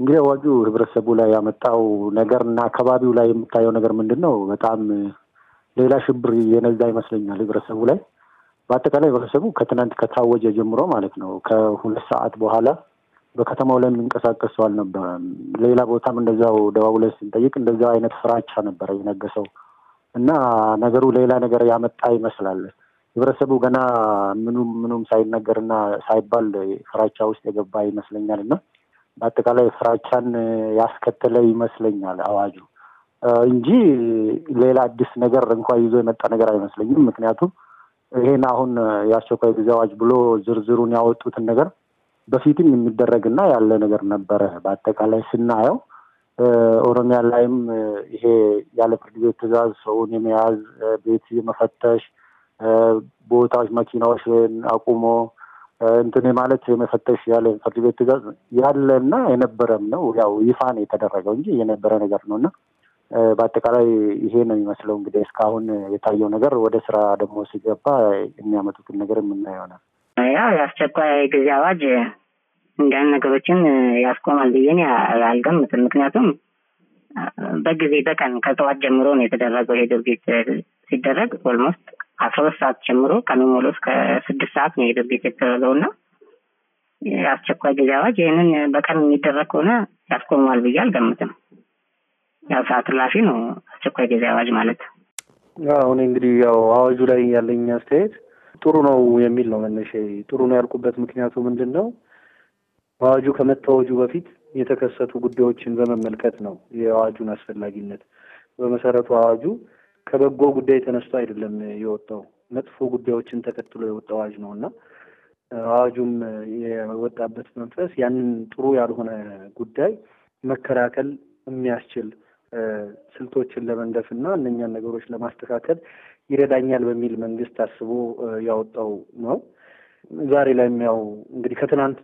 እንግዲህ አዋጁ ህብረተሰቡ ላይ ያመጣው ነገር እና አካባቢው ላይ የምታየው ነገር ምንድን ነው? በጣም ሌላ ሽብር የነዛ ይመስለኛል ህብረተሰቡ ላይ። በአጠቃላይ ህብረተሰቡ ከትናንት ከታወጀ ጀምሮ ማለት ነው ከሁለት ሰዓት በኋላ በከተማው ላይ የሚንቀሳቀስ ሰው አልነበረም። ሌላ ቦታም እንደዛው ደዋውለን ስንጠይቅ እንደዛው አይነት ፍራቻ ነበረ የነገሰው እና ነገሩ ሌላ ነገር ያመጣ ይመስላል። ህብረተሰቡ ገና ምኑም ምኑም ሳይነገርና ሳይባል ፍራቻ ውስጥ የገባ ይመስለኛል እና በአጠቃላይ ፍራቻን ያስከተለ ይመስለኛል አዋጁ እንጂ ሌላ አዲስ ነገር እንኳ ይዞ የመጣ ነገር አይመስለኝም። ምክንያቱም ይሄን አሁን የአስቸኳይ ጊዜ አዋጅ ብሎ ዝርዝሩን ያወጡትን ነገር በፊትም የሚደረግና ያለ ነገር ነበረ። በአጠቃላይ ስናየው ኦሮሚያ ላይም ይሄ ያለ ፍርድ ቤት ትዕዛዝ ሰውን የመያዝ ቤት የመፈተሽ ቦታዎች፣ መኪናዎች አቁሞ እንትን ማለት የመፈተሽ ያለ ፍርድ ቤት ትእዛዝ ያለና የነበረም ነው። ያው ይፋ ነው የተደረገው እንጂ የነበረ ነገር ነው እና በአጠቃላይ ይሄ ነው የሚመስለው። እንግዲህ እስካሁን የታየው ነገር ወደ ስራ ደግሞ ሲገባ የሚያመጡትን ነገር የምናየው ነው። ያው የአስቸኳይ ጊዜ አዋጅ እንዲያን ነገሮችን ያስቆማል ብዬን አልገምትም። ምክንያቱም በጊዜ በቀን ከጠዋት ጀምሮ ነው የተደረገው ይሄ ድርጊት ሲደረግ ኦልሞስት አስራ ሁለት ሰዓት ጀምሮ ቀኑን ሙሉ እስከ ስድስት ሰዓት ነው የሄደው ቤት የተደረገው እና አስቸኳይ ጊዜ አዋጅ ይህንን በቀን የሚደረግ ከሆነ ያስቆመዋል ብዬ አልገምትም። ያው ሰዓት እላፊ ነው አስቸኳይ ጊዜ አዋጅ ማለት። አሁን እንግዲህ ያው አዋጁ ላይ ያለኝ አስተያየት ጥሩ ነው የሚል ነው መነሻ። ጥሩ ነው ያልኩበት ምክንያቱ ምንድን ነው? አዋጁ ከመታወጁ በፊት የተከሰቱ ጉዳዮችን በመመልከት ነው የአዋጁን አስፈላጊነት። በመሰረቱ አዋጁ ከበጎ ጉዳይ ተነስቶ አይደለም የወጣው መጥፎ ጉዳዮችን ተከትሎ የወጣው አዋጅ ነው እና አዋጁም የወጣበት መንፈስ ያንን ጥሩ ያልሆነ ጉዳይ መከላከል የሚያስችል ስልቶችን ለመንደፍ እና እነኛን ነገሮች ለማስተካከል ይረዳኛል በሚል መንግስት አስቦ ያወጣው ነው። ዛሬ ላይም ያው እንግዲህ ከትናንት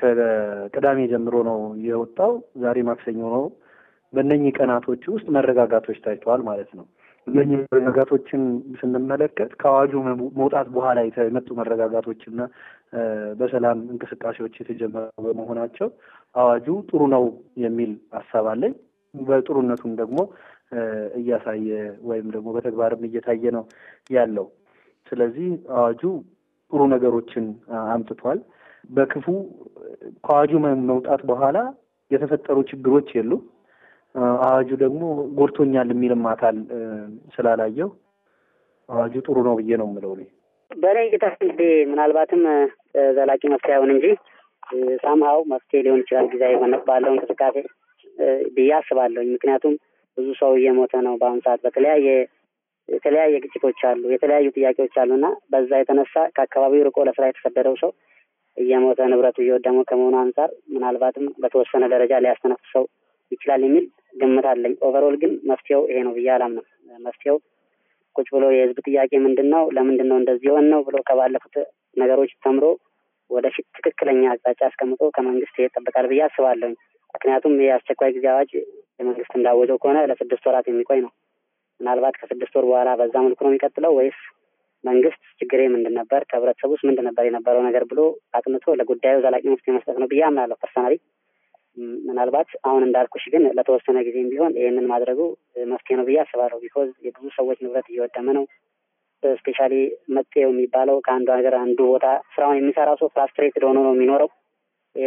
ከቅዳሜ ጀምሮ ነው የወጣው። ዛሬ ማክሰኞ ነው። በእነኚህ ቀናቶች ውስጥ መረጋጋቶች ታይተዋል ማለት ነው። እነኚህ መረጋጋቶችን ስንመለከት ከአዋጁ መውጣት በኋላ የመጡ መረጋጋቶችና በሰላም እንቅስቃሴዎች የተጀመሩ በመሆናቸው አዋጁ ጥሩ ነው የሚል ሀሳብ አለኝ። በጥሩነቱም ደግሞ እያሳየ ወይም ደግሞ በተግባርም እየታየ ነው ያለው። ስለዚህ አዋጁ ጥሩ ነገሮችን አምጥቷል። በክፉ ከአዋጁ መውጣት በኋላ የተፈጠሩ ችግሮች የሉ አዋጁ ደግሞ ጎድቶኛል የሚልም አካል ስላላየው አዋጁ ጥሩ ነው ብዬ ነው የምለው። በእኔ እይታ ምናልባትም ዘላቂ መፍትሄ አይሆን እንጂ ሳምሀው መፍትሄ ሊሆን ይችላል ጊዜ ሆነ ባለው እንቅስቃሴ ብዬ አስባለሁ። ምክንያቱም ብዙ ሰው እየሞተ ነው በአሁኑ ሰዓት በተለያየ የተለያየ ግጭቶች አሉ፣ የተለያዩ ጥያቄዎች አሉ እና በዛ የተነሳ ከአካባቢው ርቆ ለስራ የተሰደደው ሰው እየሞተ ንብረቱ እየወደመው ከመሆኑ አንጻር ምናልባትም በተወሰነ ደረጃ ሊያስተነፍሰው ይችላል የሚል ግምት አለኝ። ኦቨሮል ግን መፍትሄው ይሄ ነው ብዬ አላምንም። መፍትሄው ቁጭ ብሎ የህዝብ ጥያቄ ምንድን ነው፣ ለምንድን ነው እንደዚህ የሆን ነው ብሎ ከባለፉት ነገሮች ተምሮ ወደፊት ትክክለኛ አቅጣጫ አስቀምጦ ከመንግስት ይጠበቃል ብዬ አስባለሁኝ። ምክንያቱም ይህ አስቸኳይ ጊዜ አዋጅ የመንግስት እንዳወጀው ከሆነ ለስድስት ወራት የሚቆይ ነው። ምናልባት ከስድስት ወር በኋላ በዛ መልኩ ነው የሚቀጥለው ወይስ መንግስት ችግሬ ምንድን ነበር፣ ከህብረተሰብ ውስጥ ምንድን ነበር የነበረው ነገር ብሎ አጥንቶ ለጉዳዩ ዘላቂ መፍትሄ መስጠት ነው ብዬ አምናለሁ ፐርሰናሊ። ምናልባት አሁን እንዳልኩሽ ግን ለተወሰነ ጊዜም ቢሆን ይህንን ማድረጉ መፍትሄ ነው ብዬ አስባለሁ። ቢኮዝ የብዙ ሰዎች ንብረት እየወደመ ነው። ስፔሻሊ መጤው የሚባለው ከአንዱ ሀገር አንዱ ቦታ ስራውን የሚሰራ ሰው ፍራስትሬትድ ሆኖ ነው የሚኖረው።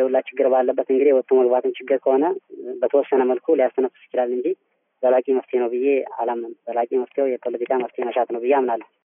ሁላ ችግር ባለበት እንግዲህ ወጥቶ መግባትን ችግር ከሆነ በተወሰነ መልኩ ሊያስተነፍስ ይችላል እንጂ ዘላቂ መፍትሄ ነው ብዬ አላምንም። ዘላቂ መፍትሄው የፖለቲካ መፍትሄ መሻት ነው ብዬ አምናለሁ።